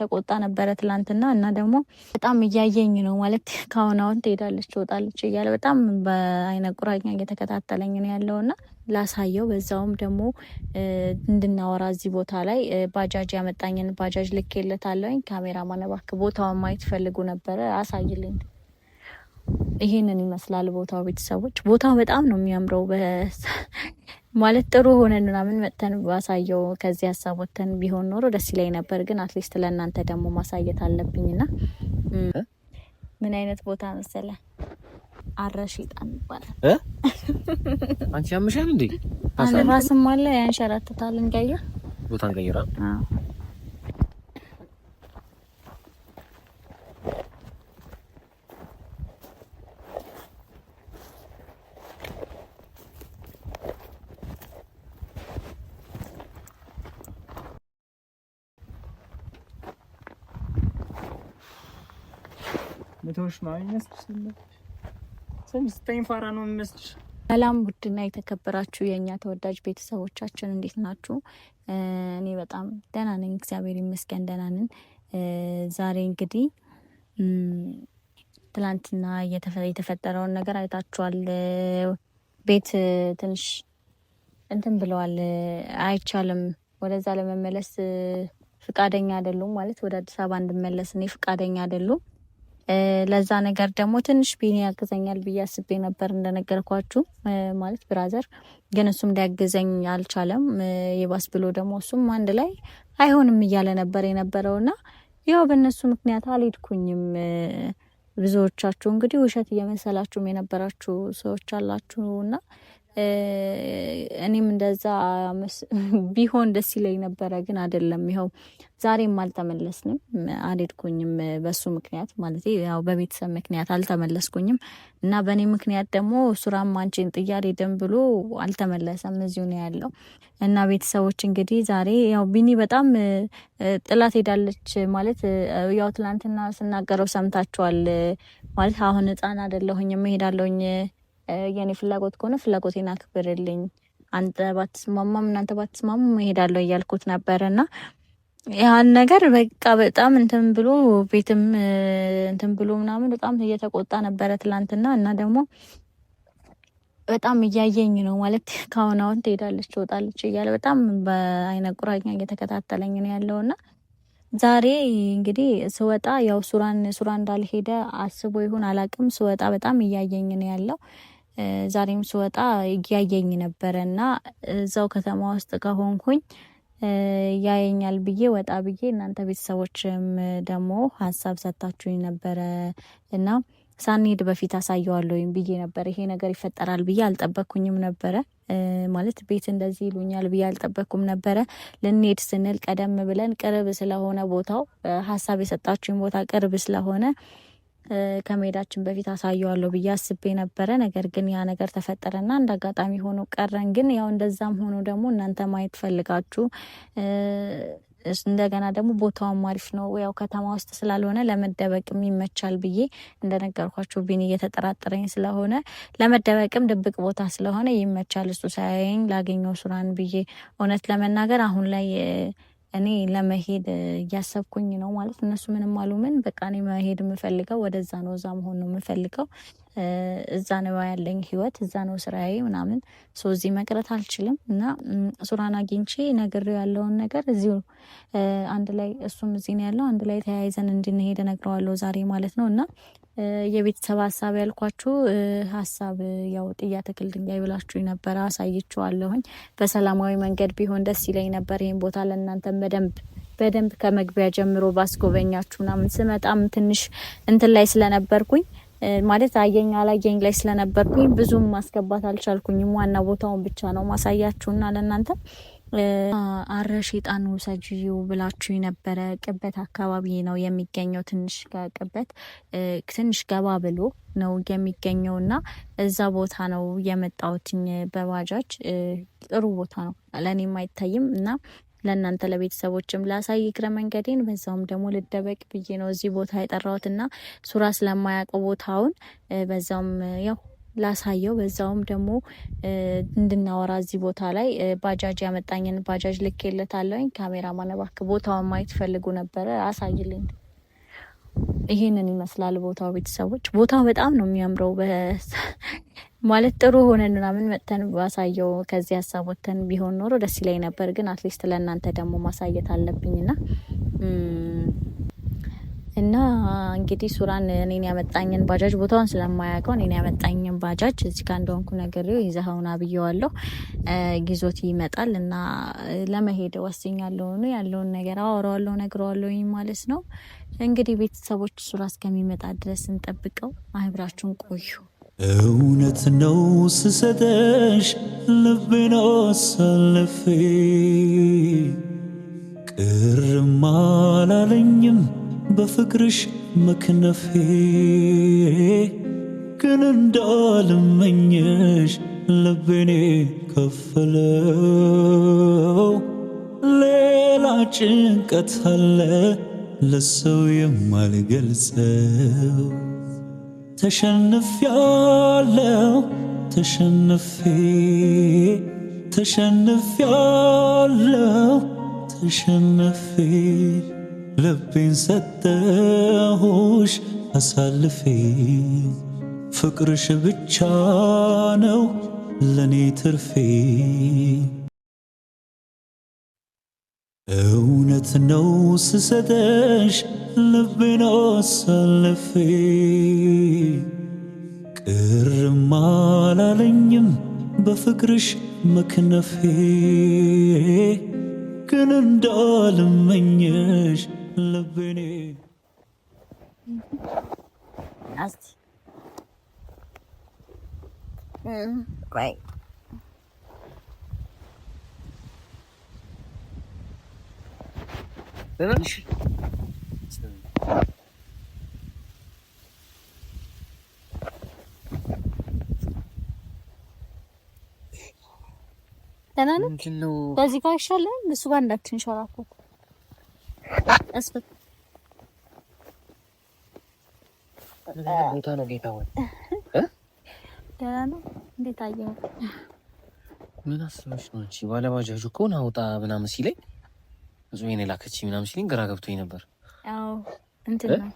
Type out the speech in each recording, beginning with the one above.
ተቆጣ ነበረ ትላንትና። እና ደግሞ በጣም እያየኝ ነው ማለት ከአሁን አሁን ትሄዳለች ትወጣለች እያለ በጣም በአይነ ቁራኛ እየተከታተለኝ ነው ያለው እና ላሳየው በዛውም ደግሞ እንድናወራ እዚህ ቦታ ላይ ባጃጅ ያመጣኝን ባጃጅ ልኬለታለሁኝ። ካሜራማን እባክህ ቦታውን ማየት ፈልጉ ነበረ አሳይልኝ። ይህንን ይመስላል ቦታው ቤተሰቦች። ቦታው በጣም ነው የሚያምረው። ማለት ጥሩ ሆነን ምናምን መጥተን ባሳየው ከዚህ ሀሳብ ወተን ቢሆን ኖሮ ደስ ይለኝ ነበር፣ ግን አትሊስት ለእናንተ ደግሞ ማሳየት አለብኝ። ና ምን አይነት ቦታ መሰለ አረሺጣን ይባላል። አንቺ ያምሻል እንዴ? አንድ ራስም አለ ያንሸራትታል። እንቀይር ቦታ እንቀይራል። መተውሽ ነው የሚመስልሽ? ስተኝ ፋራ ነው የሚመስልሽ? ሰላም ውድና የተከበራችሁ የእኛ ተወዳጅ ቤተሰቦቻችን እንዴት ናችሁ? እኔ በጣም ደህና ነኝ፣ እግዚአብሔር ይመስገን ደህና ነን። ዛሬ እንግዲህ ትላንትና የተፈጠረውን ነገር አይታችኋል። ቤት ትንሽ እንትን ብለዋል፣ አይቻልም ወደዛ ለመመለስ ፍቃደኛ አይደሉም ማለት ወደ አዲስ አበባ እንድመለስ እኔ ፍቃደኛ አይደሉም። ለዛ ነገር ደግሞ ትንሽ ቢኒ ያግዘኛል ብዬ አስቤ ነበር እንደነገርኳችሁ ማለት ብራዘር፣ ግን እሱም ሊያግዘኝ አልቻለም። የባስ ብሎ ደግሞ እሱም አንድ ላይ አይሆንም እያለ ነበር የነበረው እና ያው በእነሱ ምክንያት አልሄድኩኝም። ብዙዎቻችሁ እንግዲህ ውሸት እየመሰላችሁም የነበራችሁ ሰዎች አላችሁ እና እኔም እንደዛ ቢሆን ደስ ይለኝ ነበረ፣ ግን አይደለም። ይኸው ዛሬም አልተመለስንም፣ አልሄድኩኝም። በሱ ምክንያት ማለት ያው በቤተሰብ ምክንያት አልተመለስኩኝም እና በእኔ ምክንያት ደግሞ ሱራም አንቺን ጥዬ አልሄድም ብሎ አልተመለሰም፣ እዚሁ ነው ያለው። እና ቤተሰቦች እንግዲህ ዛሬ ያው ቢኒ በጣም ጥላት ሄዳለች ማለት ያው ትናንትና ስናገረው ሰምታችኋል። ማለት አሁን ህፃን አይደለሁኝም እሄዳለሁኝ የኔ ፍላጎት ከሆነ ፍላጎቴን አክብርልኝ፣ አንተ ባትስማማም እናንተ ባትስማማም እሄዳለሁ እያልኩት ነበር እና ያን ነገር በቃ በጣም እንትን ብሎ ቤትም እንትን ብሎ ምናምን በጣም እየተቆጣ ነበረ ትላንትና። እና ደግሞ በጣም እያየኝ ነው ማለት ከአሁን አሁን ትሄዳለች ትወጣለች እያለ በጣም በአይነ ቁራኛ እየተከታተለኝ ነው ያለው እና ዛሬ እንግዲህ ስወጣ ያው ሱራን ሱራ እንዳልሄደ አስቦ ይሁን አላቅም፣ ስወጣ በጣም እያየኝ ነው ያለው ዛሬም ስወጣ እያየኝ ነበረ እና እዛው ከተማ ውስጥ ከሆንኩኝ ያየኛል ብዬ ወጣ ብዬ እናንተ ቤተሰቦችም ደግሞ ሀሳብ ሰጥታችሁኝ ነበረ እና ሳንሄድ በፊት አሳየዋለሁኝ ብዬ ነበረ። ይሄ ነገር ይፈጠራል ብዬ አልጠበኩኝም ነበረ። ማለት ቤት እንደዚህ ይሉኛል ብዬ አልጠበኩም ነበረ። ልንሄድ ስንል ቀደም ብለን ቅርብ ስለሆነ ቦታው ሀሳብ የሰጣችሁኝ ቦታ ቅርብ ስለሆነ ከመሄዳችን በፊት አሳየዋለሁ ብዬ አስቤ ነበረ። ነገር ግን ያ ነገር ተፈጠረና እንደ አጋጣሚ ሆኖ ቀረን። ግን ያው እንደዛም ሆኖ ደግሞ እናንተ ማየት ፈልጋችሁ እንደገና ደግሞ ቦታውም አሪፍ ነው። ያው ከተማ ውስጥ ስላልሆነ ለመደበቅም ይመቻል ብዬ እንደነገርኳቸው ቢኒ እየተጠራጠረኝ ስለሆነ ለመደበቅም ድብቅ ቦታ ስለሆነ ይመቻል። እሱ ሳያየኝ ላገኘው ሱራን ብዬ እውነት ለመናገር አሁን ላይ እኔ ለመሄድ እያሰብኩኝ ነው ማለት እነሱ ምንም አሉ ምን በቃ እኔ መሄድ የምፈልገው ወደዛ ነው፣ እዛ መሆን ነው የምፈልገው እዛ ነው ያለኝ ህይወት፣ እዛ ነው ስራዬ ምናምን ሰው እዚህ መቅረት አልችልም እና ሱራን አግኝቼ ነግሬው ያለውን ነገር እዚሁ አንድ ላይ እሱም እዚህ ነው ያለው አንድ ላይ ተያይዘን እንድንሄድ ነግረዋለው ዛሬ ማለት ነው እና የቤተሰብ ሀሳብ ያልኳችሁ ሀሳብ ያው ጥያ ትክል ድንጋይ ብላችሁ ነበረ፣ አሳይችኋለሁኝ። በሰላማዊ መንገድ ቢሆን ደስ ይለኝ ነበር። ይህን ቦታ ለእናንተም በደንብ በደንብ ከመግቢያ ጀምሮ ባስጎበኛችሁ ምናምን ስመጣም ትንሽ እንትን ላይ ስለነበርኩኝ ማለት አየኝ አላየኝ ላይ ስለነበርኩኝ ብዙም ማስገባት አልቻልኩኝም። ዋና ቦታውን ብቻ ነው ማሳያችሁና ለእናንተ አረሽ ጣኑ ሰጂው ብላችሁ የነበረ ቅበት አካባቢ ነው የሚገኘው። ትንሽ ቅበት ትንሽ ገባ ብሎ ነው የሚገኘው እና እዛ ቦታ ነው የመጣሁትኝ በባጃጅ ጥሩ ቦታ ነው፣ ለእኔም አይታይም እና ለእናንተ ለቤተሰቦችም ላሳይ እግረ መንገዴን በዛውም ደግሞ ልደበቅ ብዬ ነው እዚህ ቦታ የጠራሁትና ሱራ ስለማያውቀው ቦታውን በዛውም ያው ላሳየው በዛውም ደግሞ እንድናወራ እዚህ ቦታ ላይ ባጃጅ ያመጣኝን ባጃጅ ልኬለታለሁኝ። ካሜራማን እባክህ ቦታውን ማየት ፈልጉ ነበረ አሳይልኝ። ይህንን ይመስላል ቦታው ቤተሰቦች። ቦታው በጣም ነው የሚያምረው። ማለት ጥሩ ሆነን ምናምን መጥተን ባሳየው ከዚህ ሀሳብ ወጥተን ቢሆን ኖሮ ደስ ይለኝ ነበር። ግን አትሊስት ለእናንተ ደግሞ ማሳየት አለብኝ ና እና እንግዲህ ሱራን እኔን ያመጣኝን ባጃጅ ቦታውን ስለማያውቀው እኔን ያመጣኝን ባጃጅ እዚህ ጋር እንደሆንኩ ነገሬው ይዘኸውና ብዬዋለሁ። ጊዞት ይመጣል እና ለመሄድ ወስኛለሁ። ያለውን ነገር አወራዋለሁ፣ ነግረዋለሁኝ ማለት ነው። እንግዲህ ቤተሰቦች ሱራ እስከሚመጣ ድረስ እንጠብቀው። አብራችሁን ቆዩ። እውነት ነው ስሰጠሽ ልቤን አሳልፌ ቅርም አላለኝም በፍቅርሽ መክነፌ ግን እንዳልመኘሽ ልቤኔ ከፈለው ሌላ ጭንቀት አለ ለሰው የማልገልጸው تشنف يا لو تشنف تشنف يا لو تشنف لبي نسدهوش اسالفي فكرش بتشانو لني ترفي اونت نو سسدش ልቤን አሳልፌ ቅር አላለኝም በፍቅርሽ መክነፌ ግን እንዳልመኝሽ ልቤኔ ቆይ ደህና ነህ? በዚህ ጋር ይሻላል። እሱ ጋር እንዳትንሸራኩት ቦታ ነው ጌታ ወይ ደህና ነው? እንዴት አየኸው? ምን አስበሽ ነው? አንቺ ባለባጃጁ እኮ ና ውጣ ምናምን ሲለኝ እዙ የኔ ላከች ምናምን ሲለኝ ግራ ገብቶኝ ነበር። አዎ እንትን ነው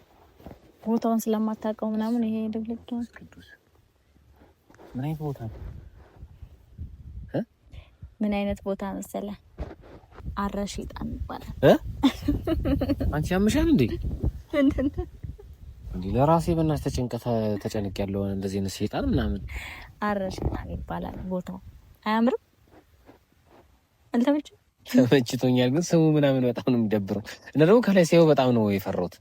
ቦታውን ስለማታውቀው ምናምን ይሄ ድብልቅ ምን አይነት ቦታ ነው? ምን አይነት ቦታ መሰለ? አረሺጣን ይባላል። አንቺ ያምሻል እንዴ? እንዲ ለራሴ በእናትሽ ተጨንቀ ተጨንቅ ያለው እንደዚህ አይነት ሴጣን ምናምን አረሺጣን ይባላል ቦታው። አያምርም? አልተመችም? ተመችቶኛል፣ ግን ስሙ ምናምን በጣም ነው የሚደብረው። እና ደግሞ ከላይ ሲያየው በጣም ነው የፈራሁት።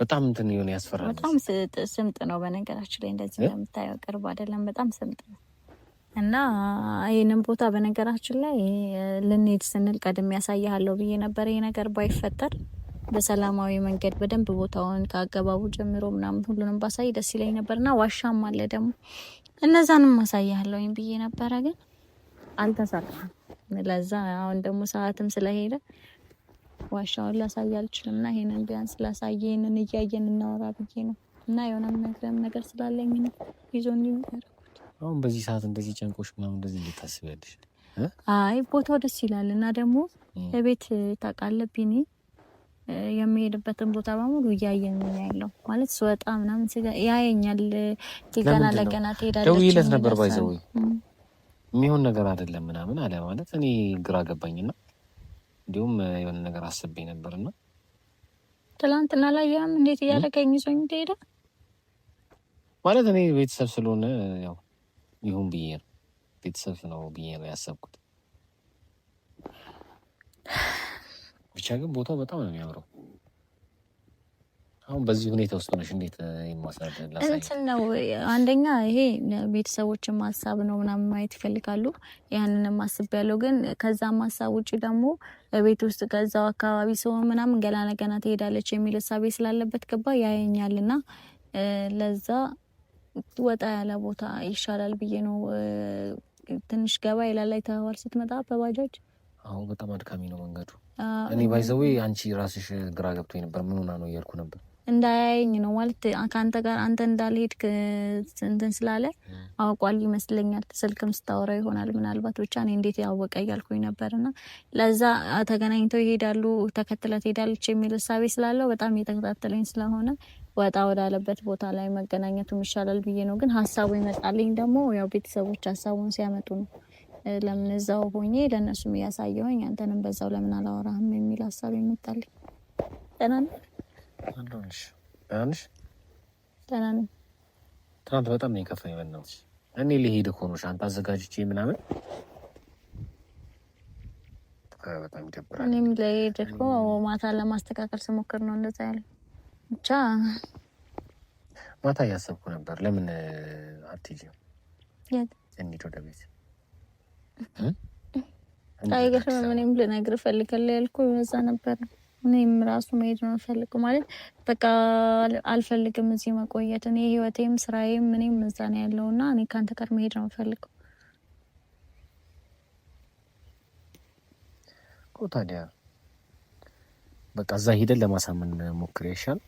በጣም እንትን የሆነ ያስፈራል። በጣም ስምጥ ነው በነገራችን ላይ እንደዚህ እንደምታየው ቅርብ አይደለም፣ በጣም ስምጥ ነው እና ይህንን ቦታ በነገራችን ላይ ልንሄድ ስንል ቀድም ያሳያለሁ ብዬ ነበረ ይህ ነገር ባይፈጠር በሰላማዊ መንገድ በደንብ ቦታውን ከአገባቡ ጀምሮ ምናምን ሁሉንም ባሳይ ደስ ይለኝ ነበር እና ዋሻም አለ ደግሞ እነዛንም አሳያለሁኝ ብዬ ነበረ፣ ግን አልተሳካም። ለዛ አሁን ደግሞ ሰዓትም ስለሄደ ዋሻውን ላሳይ አልችልም እና ይሄንን ቢያንስ ላሳየ ይሄንን እያየን እናወራ ብዬ ነው እና የሆነ ምነግረም ነገር ስላለኝ ነው ይዞን ያደረኩት። አሁን በዚህ ሰዓት እንደዚህ ጨንቆሽ ምናምን እንደዚህ እንድታስብ ያለሽ? አይ ቦታው ደስ ይላል እና ደግሞ ለቤት ታውቃለህ ቢኒ የሚሄድበትን ቦታ በሙሉ እያየኝ ያለው። ማለት ስወጣ ምናምን ስጋ ያየኛል። ገና ለገና ትሄዳለች ደውዬለት ነበር ባይዘው የሚሆን ነገር አይደለም ምናምን አለ። ማለት እኔ ግራ ገባኝና እንዲሁም የሆነ ነገር አስቤ ነበር እና ትላንትና ላይ ያም እንዴት እያለቀኝ ይዞኝ እንደሄደ ማለት እኔ ቤተሰብ ስለሆነ ያው ይሁን ብዬ ነው ቤተሰብ ነው ብዬ ነው ያሰብኩት። ብቻ ግን ቦታው በጣም ነው የሚያምረው። አሁን በዚህ ሁኔታ ውስጥ ነሽ። እንዴት እንትን ነው አንደኛ ይሄ ቤተሰቦችን ማሳብ ነው ምናምን ማየት ይፈልጋሉ። ያንንም ማስብ ያለው ግን ከዛም ማሳብ ውጭ ደግሞ ቤት ውስጥ ከዛው አካባቢ ሲሆን ምናምን ገና ነገና ትሄዳለች የሚል እሳቤ ስላለበት ገባ ያየኛል እና ለዛ ወጣ ያለ ቦታ ይሻላል ብዬ ነው። ትንሽ ገባ ይላል ላይ አይተኸዋል ስትመጣ በባጃጅ አዎ በጣም አድካሚ ነው መንገዱ። እኔ ባይዘዌ አንቺ ራስሽ ግራ ገብቶ ነበር ምን ሆና ነው እያልኩ ነበር እንዳያየኝ ነው ማለት ከአንተ ጋር አንተ እንዳልሄድክ እንትን ስላለ አውቋል ይመስለኛል። ስልክም ስታወራ ይሆናል ምናልባት ብቻ እኔ እንዴት ያወቀ እያልኩኝ ነበርና ለዛ ተገናኝተው ይሄዳሉ ተከትለ ትሄዳለች የሚል እሳቤ ስላለው በጣም እየተከታተለኝ ስለሆነ ወጣ ወዳለበት ቦታ ላይ መገናኘቱም ይሻላል ብዬ ነው። ግን ሀሳቡ ይመጣልኝ ደግሞ ያው ቤተሰቦች ሀሳቡን ሲያመጡ ነው ለምን እዛው ሆኜ ለእነሱም እያሳየሁኝ አንተንም በዛው ለምን አላወራህም የሚል ሀሳብ ይመጣልኝ። አንዶንሽ አንሽ ደህና ነኝ። ትናንት በጣም ነው የከፋኝ። በእናትሽ እኔ ልሄድ እኮ ነው ሻንጣ አዘጋጅቼ ምናምን። በጣም ይደብራል። እኔም ልሄድ እኮ ማታ ለማስተካከል ስሞክር ነው እንደዛ ያለ። ብቻ ማታ እያሰብኩ ነበር። ለምን አትሄጂም? የት እንሂድ? ወደ ቤት አይገርምም። እኔም ልነግርህ እፈልጋለሁ ያልኩህ እዛ ነበር። እኔም ራሱ መሄድ ነው ፈልገው ማለት በቃ አልፈልግም እዚህ መቆየት። እኔ ህይወቴም ስራዬም እኔም እዛ ነው ያለው እና እኔ ከአንተ ጋር መሄድ ነው ፈልገው። ታዲያ በቃ እዛ ሂደን ለማሳመን ሞክር ይሻል።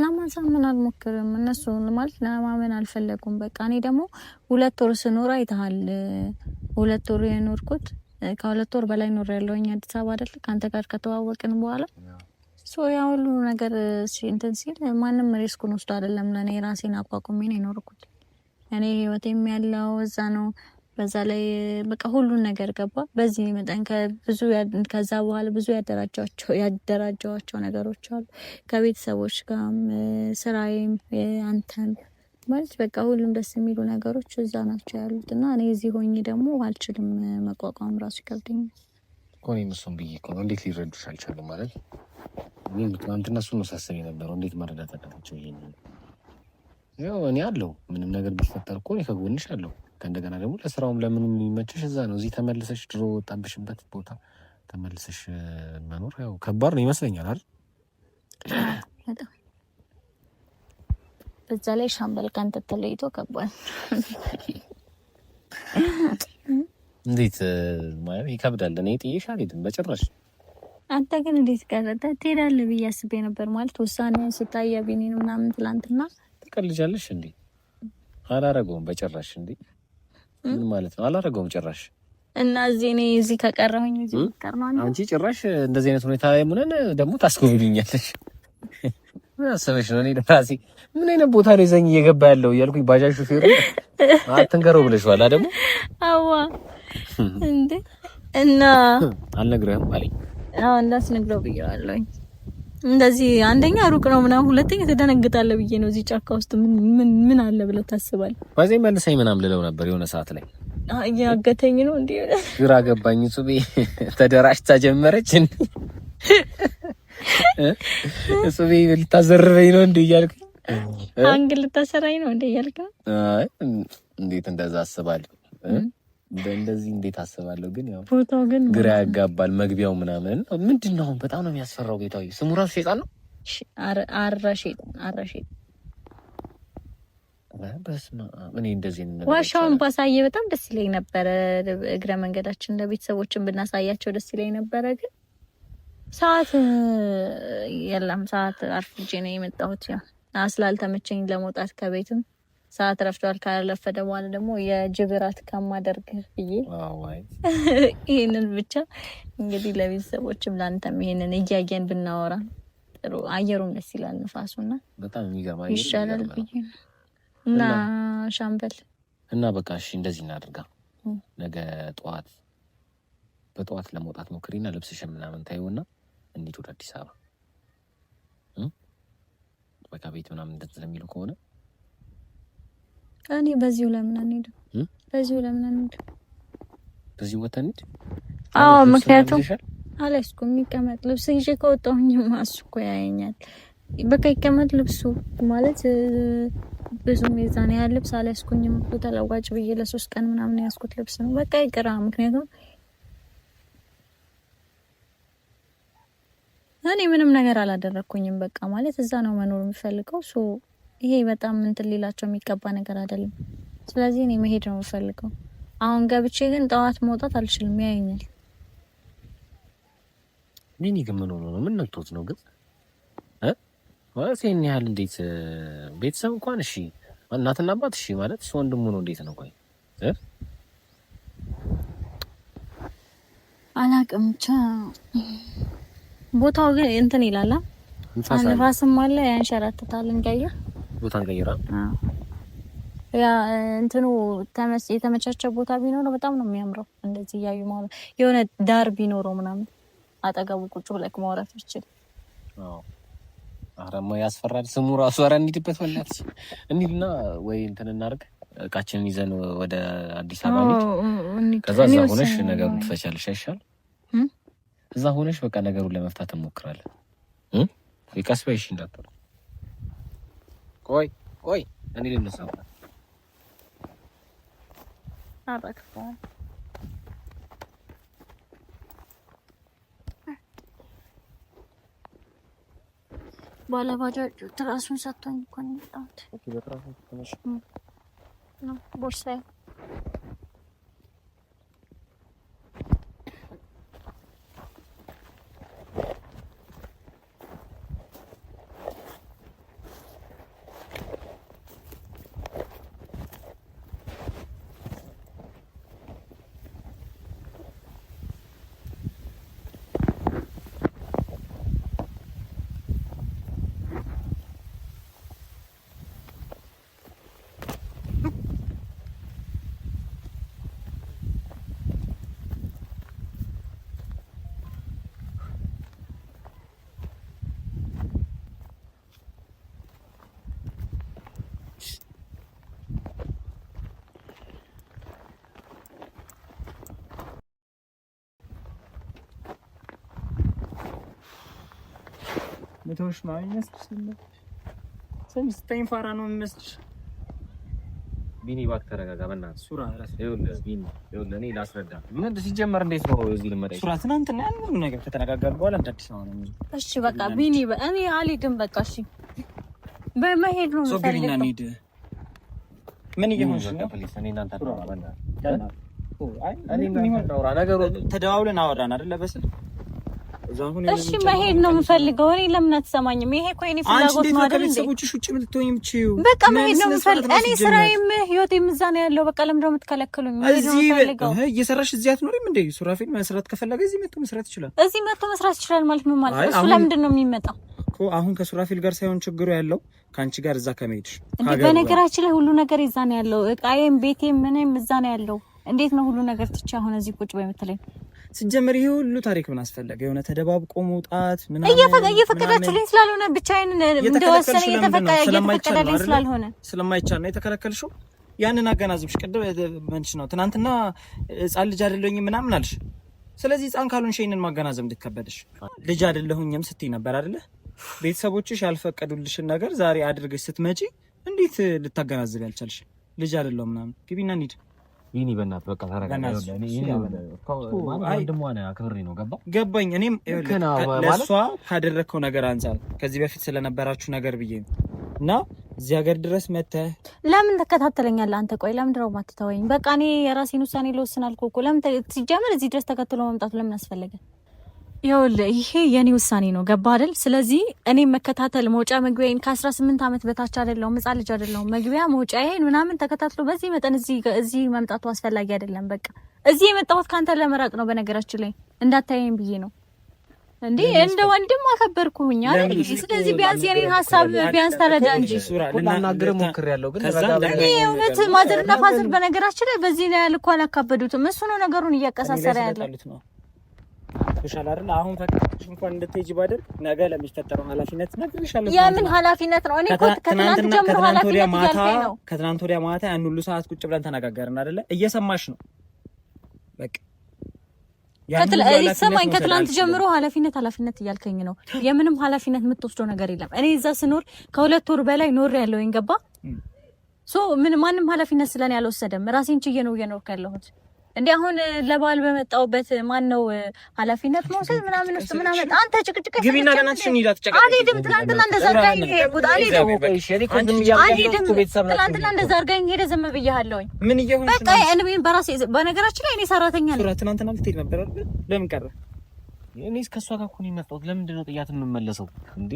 ለማሳመን አልሞክርም። እነሱ ማለት ለማመን አልፈለጉም። በቃ እኔ ደግሞ ሁለት ወር ስኖር አይተሃል። ሁለት ወር የኖርኩት ከሁለት ወር በላይ ኖር ያለውኝ አዲስ አበባ አይደለ ከአንተ ጋር ከተዋወቅን በኋላ ያ ሁሉ ነገር እንትን ሲል ማንም ሪስኩን ውስጥ አይደለም ለእኔ ራሴን አቋቁሜ ነው የኖርኩት። እኔ ህይወቴም ያለው እዛ ነው። በዛ ላይ በቃ ሁሉን ነገር ገባ። በዚህ መጠን ብዙ ከዛ በኋላ ብዙ ያደራጀዋቸው ነገሮች አሉ ከቤተሰቦች ጋርም ስራዬም አንተም ማለት በቃ ሁሉም ደስ የሚሉ ነገሮች እዛ ናቸው ያሉት እና እኔ እዚህ ሆኜ ደግሞ አልችልም መቋቋም ራሱ ይከብደኛል። ኮኔ እሱን ብዬ እኮ ነው እንዴት ሊረዱሽ አልቻሉ ማለት ትናንትና እሱን ነው የነበረው እንዴት መረዳት አቃታቸው። ይሄ እኔ አለው ምንም ነገር ቢፈጠር እኮ እኔ ከጎንሽ አለው። ከእንደገና ደግሞ ለስራውም ለምን የሚመችሽ እዛ ነው። እዚህ ተመልሰሽ ድሮ ወጣብሽበት ቦታ ተመልሰሽ መኖር ያው ከባድ ነው ይመስለኛል አይደል? በዛ ላይ ሻምበል ከአንተ ተለይቶ ከባድ እንዴት ማለት ይከብዳል። እኔ ጥዬሽ አልሄድም በጭራሽ። አንተ ግን እንዴት ቀረጠ ትሄዳለህ ብዬ አስቤ ነበር። ማለት ውሳኔ ስታየ ቢኒን ምናምን ትላንትና ትቀልጃለሽ እንዴ? አላረገውም በጭራሽ። እንዴ ምን ማለት ነው? አላረገውም ጭራሽ። እና እዚህ እኔ እዚህ ከቀረሁኝ እዚህ ቀርነዋል። አንቺ ጭራሽ እንደዚህ አይነት ሁኔታ ላይ ሆነን ደግሞ ታስጎብኛለሽ ምን አሰበሽ ነው? እኔ ራሴ ምን አይነት ቦታ ላይ ዘኝ እየገባ ያለው እያልኩኝ ባጃጅ ሹፌሩ አትንገረው ብለሽዋል አይደል? አዋ እንዴ! እና አልነግረህም አለኝ። አዎ እንዳትነግረው ብየዋለሁኝ። እንደዚህ አንደኛ ሩቅ ነው ምናምን፣ ሁለተኛ ተደነግጣለህ ብዬ ነው። እዚህ ጫካ ውስጥ ምን ምን ምን አለ ብለህ ታስባለህ? ባዜ መልሰኝ ምናምን ልለው ነበር የሆነ ሰዓት ላይ እያገተኝ ነው እንዴ! ግራ ገባኝ። ሱቤ ተደራጅታ እንዴ እሱ ቤ ልታዘርበኝ ነው እንዴ እያልክ አንግ ልታሰራኝ ነው እንዴ እያልክ እንዴት እንደዛ አስባለሁ እንደዚህ እንዴት አስባለሁ። ግን ያው ቦታው ግን ግራ ያጋባል። መግቢያው ምናምን ምንድን ነው? በጣም ነው የሚያስፈራው። ጌታ ስሙ ራሱ ሼጣን ነው። ዋሻውን ባሳየ በጣም ደስ ይለኝ ነበረ። እግረ መንገዳችን ለቤተሰቦችን ብናሳያቸው ደስ ይለኝ ነበረ ግን ሰዓት የለም። ሰዓት አርፍጄ ነው የመጣሁት። ያ ስላልተመቸኝ ለመውጣት ከቤትም ሰዓት ረፍቷል። ካለፈደ በኋላ ደግሞ የጅብራት ከማደርግ ብዬ ይህንን ብቻ እንግዲህ ለቤተሰቦችም ለአንተም ይሄንን እያየን ብናወራ ጥሩ። አየሩም ደስ ይላል፣ ንፋሱና ይሻላል ብዬ እና ሻምበል እና በቃ እሺ፣ እንደዚህ እናድርጋ። ነገ ጠዋት በጠዋት ለመውጣት ሞክሪና ልብስሽ ምናምን ታይውና እንዴት ወደ አዲስ አበባ በቃ ቤት ምናምን እንደት ስለሚሉ ከሆነ እኔ በዚሁ ለምን አንሄድም? በዚሁ ለምን አንሄድም? በዚሁ ወተን እንሂድ። አዎ ምክንያቱም አላስኩም። ይቀመጥ ልብስ ይዤ ከወጣሁኝ ማሱ እኮ ያየኛል። በቃ ይቀመጥ ልብሱ ማለት ብዙም የዛን ያህል ልብስ አላስኩኝም። ተለዋጭ ብዬ ለሶስት ቀን ምናምን ያስኩት ልብስ ነው። በቃ ይቅራ ምክንያቱም እኔ ምንም ነገር አላደረግኩኝም። በቃ ማለት እዛ ነው መኖር የምፈልገው። ሶ ይሄ በጣም እንትን ሌላቸው የሚገባ ነገር አይደለም። ስለዚህ እኔ መሄድ ነው የምፈልገው። አሁን ገብቼ ግን ጠዋት መውጣት አልችልም፣ ያዩኛል። ምን ግን ምን ሆኖ ነው? ምን ነክቶት ነው ግን ማለት ይህን ያህል? እንዴት ቤተሰብ እንኳን እሺ፣ እናትና አባት እሺ ማለት እሱ ወንድሙ ነው። እንዴት ነው ቆይ አላቅም ብቻ ቦታው ግን እንትን ይላል። ንፋስም አለ ያንሸራትታል። እንቀይር ቦታ እንቀይራ። ያ እንትኑ ተመስ የተመቻቸ ቦታ ቢኖረው በጣም ነው የሚያምረው። እንደዚህ እያዩ ማለት የሆነ ዳር ቢኖረው ምናምን አጠገቡ ቁጭ ብለህ ማውራት ብችል። አዎ አረማ ያስፈራል ስሙ ራሱ። አረ እንሂድበት ወላች እንሂድና ወይ እንትን እናርግ እቃችንን ይዘን ወደ አዲስ አበባ እንሂድ። ከዛ እዛ ሆነሽ ነገሩን ትፈቻለሽ አይሻል? እዛ ሆነሽ በቃ ነገሩን ለመፍታት እንሞክራለን። ቀስ በይሽ እንዳትሉ። ቆይ ቆይ እኔ ልነሳ። ባለባጃጅ ትራሱን ሰጥቶኝ እኮ ነው የመጣሁት። መተውሽ ምናምን የሚመስልሽ ስሚ፣ ስታይም ፋራ ነው የሚመስልሽ። ቢኒ እባክህ ተረጋጋ፣ በእናትህ ሱራ ይኸውልህ፣ ቢኒ ይኸውልህ፣ እኔ ላስረዳ። ምን ሲጀመር እንዴት ነው እዚህ ልመጣ? ሱራ ትናንትና ያንን ነገር ከተነጋገርን በኋላ እንደ አዲስ ነው። እሺ በቃ ቢኒ፣ እኔ አልሄድም። በቃ እሺ፣ በመሄድ ነው የምፈልገው። እንሂድ። ምን እየሆንሽ ነው? ፕሊስ፣ እኔ እናንተ ተደዋውለን አወራን አይደለ በስልክ እሺ መሄድ ነው የምፈልገው። እኔ ለምን አትሰማኝም? ይሄ እኮ የእኔ ፍላጎት ነው አይደል? ቤተሰቦችሽ ውጭ የምትሆኝ የምችይው በቃ መሄድ ነው የምፈልገው። እኔ ስራዬም ህይወቴም እዛ ነው ያለው። በቃ ለምንድን ነው የምትከለክሉኝ? እየሰራሽ እዚህ አትኖሪም እንዴ? ሱራፌል መስራት ከፈለገ እዚህ መጥቶ መስራት ይችላል። እዚህ መጥቶ መስራት ይችላል ማለት ምን ማለት ነው? እሱ ለምንድን ነው የሚመጣው? አሁን ከሱራፊል ጋር ሳይሆን ችግሩ ያለው ከአንቺ ጋር እዛ ከመሄድሽ። በነገራችን ላይ ሁሉ ነገር እዛ ነው ያለው። እቃዬም፣ ቤቴም፣ ምንም እዛ ነው ያለው። እንዴት ነው ሁሉ ነገር ትቼ አሁን እዚህ ቁጭ በይ ስጀምር ይሄ ሁሉ ታሪክ ምን አስፈለገ? የሆነ ተደባብቆ መውጣት እየፈቀዳችሁልኝ ስላልሆነ ብቻዬን እንደወሰነ እየተፈቀዳልኝ ስላልሆነ ስለማይቻል ነው የተከለከልሽው። ያንን አገናዝብሽ ቅድም መንሽ ነው ትናንትና ህፃን ልጅ አይደለሁኝ ምናምን አልሽ። ስለዚህ ህፃን ካሉን ሸይንን ማገናዘብ እንድትከበድሽ ልጅ አይደለሁኝም ስትይ ነበር አይደለ? ቤተሰቦችሽ ያልፈቀዱልሽን ነገር ዛሬ አድርገሽ ስትመጪ እንዴት ልታገናዝብ ያልቻልሽ? ልጅ አይደለሁ ምናምን ግቢና እንሂድ ይህን በእናትህ በቃ አክብሬ ነው ገባ ገባኝ። እኔም ለእሷ ካደረግከው ነገር አንጻር ከዚህ በፊት ስለነበራችሁ ነገር ብዬ ነው እና እዚህ ሀገር ድረስ መተህ ለምን ተከታተለኛለህ አንተ? ቆይ ለምን ድረው ማትተወኝ? በቃ እኔ የራሴን ውሳኔ ልወስን አልኩህ እኮ። ለምን ሲጀምር እዚህ ድረስ ተከትሎ መምጣቱ ለምን አስፈለገ? ይኸውልህ ይሄ የኔ ውሳኔ ነው። ገባ አይደል? ስለዚህ እኔ መከታተል መውጫ መግቢያዬን ከአስራ ስምንት ዓመት በታች አይደለሁም፣ ሕፃን ልጅ አይደለሁም። መግቢያ መውጫዬን ምናምን ተከታትሎ በዚህ መጠን እዚህ መምጣቱ አስፈላጊ አይደለም። በቃ እዚህ የመጣሁት ከአንተ ለመራቅ ነው። በነገራችን ላይ እንዳታየኝ ብዬ ነው እንዴ እንደ ወንድም አከበርኩኝ አይደል? ስለዚህ ቢያንስ የኔን ሀሳብ ቢያንስ ተረዳ እንጂ ልናናግር ሞክሬያለሁ፣ ግን እውነት ማዘርና ፋዘር በነገራችን ላይ በዚህ ላይ ልኮ አላካበዱትም። እሱ ነው ነገሩን እያቀሳሰረ ያለው ይሻል አይደል? አሁን ፈቅድሽ እንኳን እንድትሄጂ ባደል ነገ ለሚፈጠረው ኃላፊነት ነግሬሻለሁ። የምን ኃላፊነት ነው? እኔ እኮ ከትናንት ጀምሮ ኃላፊነት ማታ ከትናንት ወዲያ ማታ ያን ሁሉ ሰዓት ቁጭ ብለን ተነጋገርን አይደለ? እየሰማሽ ነው? በቃ ሰማኝ። ከትናንት ጀምሮ ኃላፊነት ኃላፊነት እያልከኝ ነው። የምንም ኃላፊነት የምትወስደው ነገር የለም። እኔ እዛ ስኖር ከሁለት ወር በላይ ኖር ያለው ገባ ሶ ምን ማንም ኃላፊነት ስለኔ አልወሰደም። ራሴን ችዬ ነው እየኖርኩ ያለሁት። እንዲህ አሁን ለበዓል በመጣውበት ማን ነው ኃላፊነት መውሰድ ምናምን ውስጥ ምናመጣ አንተ ጭቅጭቅ ግቢና ለናትሽ እንሂዳ አልሄድም። ትናንትና እንደዛ አድርጋኝ ሄድኩት ትናንትና እንደዛ አድርጋኝ ሄደ። ዝም ብያለሁኝ። ምን ይሁን በቃ እኔም በራሴ በነገራችን ላይ እኔ ሰራተኛ ነኝ። ትናንትና ልትሄድ ነበር አይደል? ለምን ቀረ? እኔ ከእሷ ጋር እኮ ነው የመጣሁት። ለምንድን ነው ጥያት የምመለሰው? እንዴ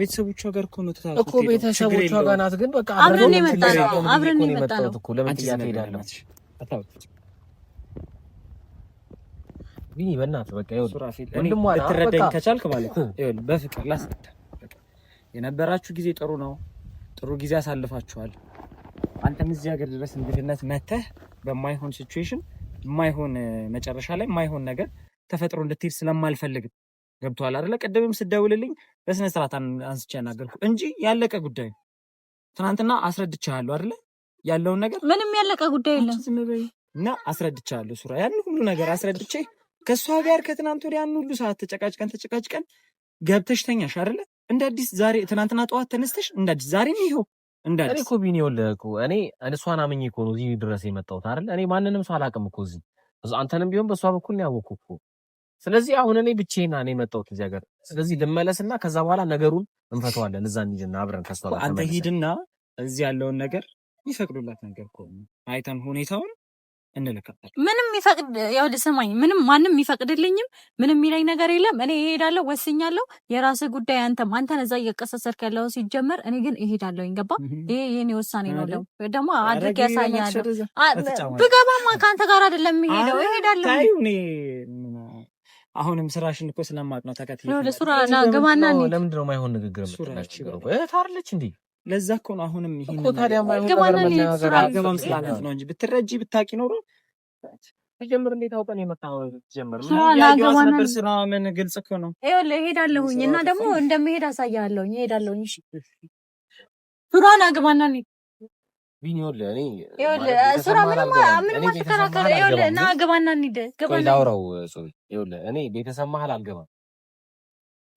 ቤተሰቦቿ ጋር እኮ ነው ተታውቁ እኮ ቤተሰቦቿ ጋር ናት። ግን በቃ አብረን የመጣ ነው አብረን የመጣ ነው እኮ ለምን ጥያት ሄዳለሁ? ግን በእናትህ በቃ ልትረዳኝ ከቻልክ ማለት በፍቅር ላስረዳ። የነበራችሁ ጊዜ ጥሩ ነው፣ ጥሩ ጊዜ አሳልፋችኋል። አንተም እዚህ ሀገር ድረስ እንግድነት መተህ በማይሆን ሲቹዌሽን፣ የማይሆን መጨረሻ ላይ የማይሆን ነገር ተፈጥሮ እንድትሄድ ስለማልፈልግ ገብቶሃል አይደለ? ቅድምም ስደውልልኝ በስነ ስርዓት አንስቼ ያናገርኩ እንጂ ያለቀ ጉዳይ ትናንትና አስረድቻለሁ አይደለ? ያለውን ነገር ምንም ያለቀ ጉዳይ የለም እና አስረድቻለሁ ሱራ ያን ሁሉ ነገር አስረድቼ ከእሷ ጋር ከትናንት ወዲያን ሁሉ ሰዓት ተጨቃጭቀን ተጨቃጭቀን ገብተሽ ተኛሽ አይደለ? እንደ አዲስ ዛሬ ትናንትና ጠዋት ተነስተሽ እንደ አዲስ ዛሬም ይኸው እንደ አዲስ እኮ ቢኒ ይኸውልህ እኔ እሷን አምኜ እኮ ነው እዚህ ድረስ የመጣሁት አይደለ? እኔ ማንንም ሰው አላውቅም እኮ እዚህ አንተንም ቢሆን በእሷ በኩል ነው እኮ። ስለዚህ አሁን እኔ ብቻዬን እኔ የመጣሁት እዚህ ሀገር። ስለዚህ ልመለስና ከዛ በኋላ ነገሩን እንፈተዋለን። እዛ እንሂድና አብረን ከሷ ጋር አንተ ሂድና እዚህ ያለውን ነገር ይፈቅዱላት ነገር ከሆነ አይተን ሁኔታውን እንልከታለን። ምንም ይፈቅድ ያው ስማኝ፣ ምንም ማንም ይፈቅድልኝም ምንም የሚለኝ ነገር የለም። እኔ እሄዳለሁ፣ ወስኛለሁ። የራስህ ጉዳይ አንተም አንተን እዛ እየቀሰሰርክ ያለው ሲጀመር፣ እኔ ግን እሄዳለሁ። ይገባ ይሄ ይህን የወሳኔ ነው። ለው ደግሞ አድርግ ያሳያለሁ። ብገባማ ከአንተ ጋር አይደለም የሚሄደው፣ እሄዳለሁ አሁንም ስራሽን እኮ ስለማቅ ነው ተከትዬ ለሱራ ግባና ለምንድነው ማይሆን ንግግር ምትናችገሩ ታርለች እንዲህ ለዛ እኮ ነው አሁንም ይሄን ገባም ስላለት ነው እንጂ ብትረጂ ብታቂ ኖሮ ጀምር እንዴት አውቀን የመታወቅ ስራ ምን ግልጽ እኮ ነው። ሄዳለሁኝ እና ደግሞ እንደምሄድ አሳያለሁኝ። እሺ ሱራን አግባና ሱራ ምንም አትከራከር እና አግባና ሂድ ገባ ላውራው እኔ ቤተሰብ መሀል አልገባም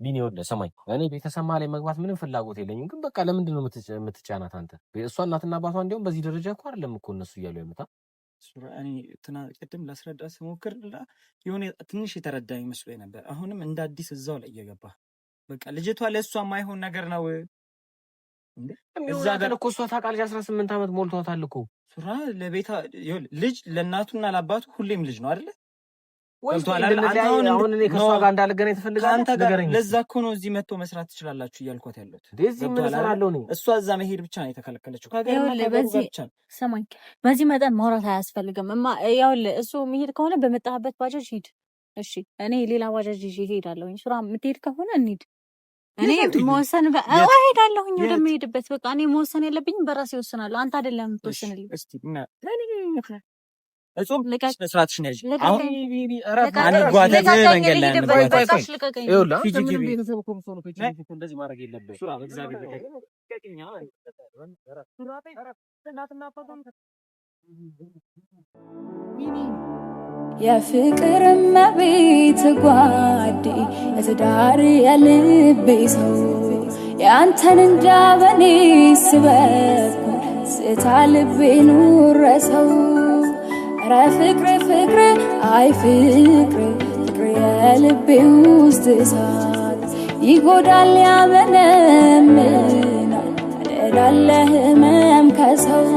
ቢኒ ወደ ሰማኝ እኔ ቤተሰማ ላይ መግባት ምንም ፍላጎት የለኝም። ግን በቃ ለምንድን ነው የምትጫናት አንተ? እሷ እናትና አባቷ እንዲሁም በዚህ ደረጃ እኮ አይደለም እኮ እነሱ እያሉ የምታ ቅድም ላስረዳ ስሞክር የሆነ ትንሽ የተረዳ ይመስሎ ነበር። አሁንም እንደ አዲስ እዛው ላይ እየገባ በቃ ልጅቷ ለእሷ የማይሆን ነገር ነው። እዛ እኮ እሷ ታውቃለች። አስራ ስምንት ዓመት ሞልቷታል እኮ ሱራ ለቤታ ልጅ ለእናቱና ለአባቱ ሁሌም ልጅ ነው አይደለ አሁን እኔ ለዛ እኮ ነው እዚህ መጥቶ መስራት ትችላላችሁ እያልኳት ያለሁት። እሷ እዛ መሄድ ብቻ ነው የተከለከለችው። ሰማኝ። በዚህ መጠን ማውራት አያስፈልግም። እማ ይኸውልህ፣ እሱ መሄድ ከሆነ በመጣህበት ባጃጅ ሂድ። እሺ፣ እኔ ሌላ ባጃጅ ይዤ እሄዳለሁኝ። ሱራ የምትሄድ ከሆነ እንሂድ። እኔ መወሰን እሄዳለሁኝ ወደምሄድበት። በቃ እኔ መወሰን ያለብኝም በራሴ እወስናለሁ። አንተ አይደለም የምትወስንልኝ እጹብ ስነስርዓትሽን ያዥ። አሁን መንገድ ላይ እንደዚህ ማድረግ የለብህም። የፍቅር መቤት ጓዴ የትዳር የልቤ ሰው የአንተን እንዳበኔ ስበኩ ስታ ልቤ ኑረሰው ፍቅረ ፍቅር ፍቅር አይ ፍቅር ፍቅር የልቤ ውስጥ እሳት ይጎዳል ያመነምናል አደላለ ህመም ከሰው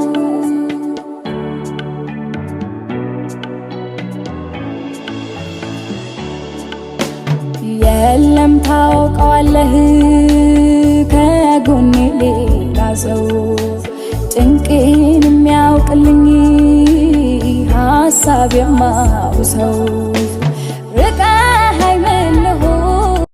የለም ታውቀዋለህ ከጎኔ ሌላ ሰው ጭንቅ ሀሳብ የማውሰው